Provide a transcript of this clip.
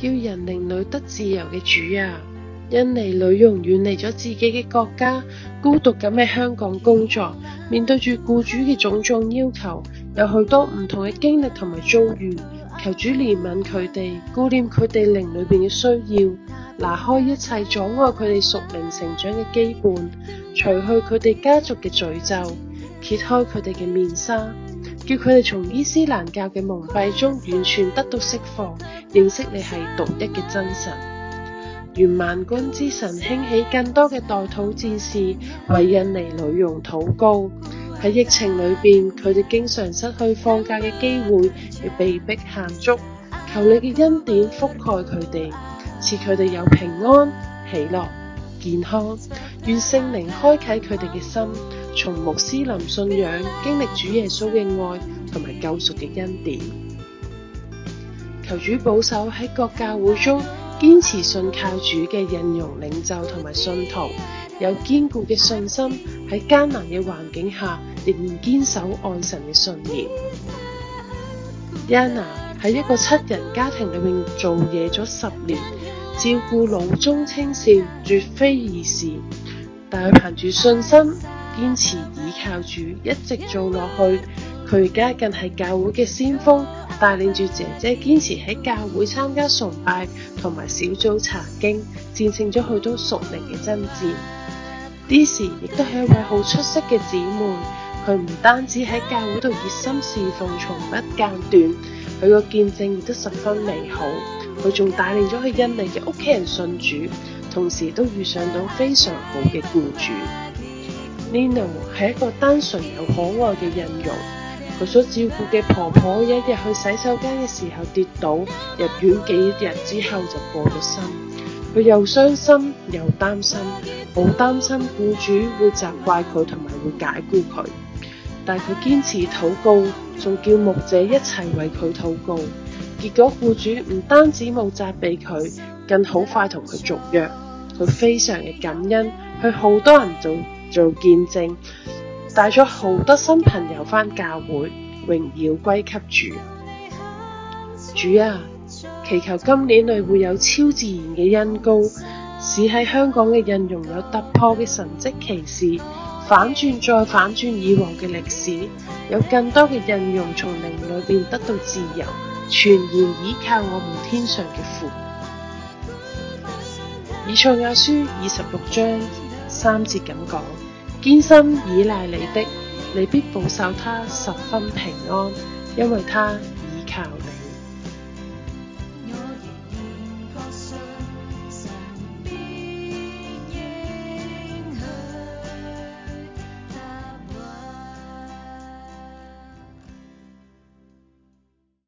叫人靈女得自由嘅主啊！印尼女傭遠離咗自己嘅國家，孤獨咁喺香港工作，面對住雇主嘅種種要求，有好多唔同嘅經歷同埋遭遇。求主憐憫佢哋，顧念佢哋靈裏邊嘅需要，拿開一切阻礙佢哋屬靈成長嘅羈絆，除去佢哋家族嘅詛咒，揭開佢哋嘅面紗，叫佢哋從伊斯蘭教嘅蒙蔽中完全得到釋放。認識你係獨一嘅真神，願萬軍之神興起更多嘅代禱戰士，為印尼女傭禱告。喺疫情裏邊，佢哋經常失去放假嘅機會，亦被迫限足。求你嘅恩典覆蓋佢哋，賜佢哋有平安、喜樂、健康。願聖靈開啟佢哋嘅心，從穆斯林信仰經歷主耶穌嘅愛同埋救贖嘅恩典。求主保守喺各教會中堅持信靠主嘅印容領袖同埋信徒，有堅固嘅信心，喺艱難嘅環境下仍然堅守愛神嘅信念。安娜喺一個七人家庭裏面做嘢咗十年，照顧老中青少絕非易事，但佢憑住信心堅持倚靠主，一直做落去。佢而家更係教會嘅先鋒。帶領住姐姐堅持喺教會參加崇拜同埋小組查經，戰勝咗許多屬靈嘅爭戰。Daisy 亦都係一位好出色嘅姊妹，佢唔單止喺教會度熱心侍奉從不間斷，佢個見證亦都十分美好。佢仲帶領咗去印尼嘅屋企人信主，同時都遇上到非常好嘅僱主。Nino 係一個單純又可愛嘅人傭。佢所照顧嘅婆婆，一日去洗手間嘅時候跌倒，入院幾日之後就過咗身。佢又傷心又擔心，好擔心雇主會責怪佢同埋會解僱佢。但佢堅持禱告，仲叫牧者一齊為佢禱告。結果雇主唔單止冇責備佢，更好快同佢續約。佢非常嘅感恩，佢好多人做做見證。帶咗好多新朋友返教會，榮耀歸給主。主啊，祈求今年內會有超自然嘅恩膏，使喺香港嘅印傭有突破嘅神蹟奇事，反轉再反轉以往嘅歷史，有更多嘅印傭從靈裏面得到自由，全然依靠我們天上嘅父。以賽亞書二十六章三節咁講。堅心倚賴你的，你必保守他十分平安，因為他倚靠你。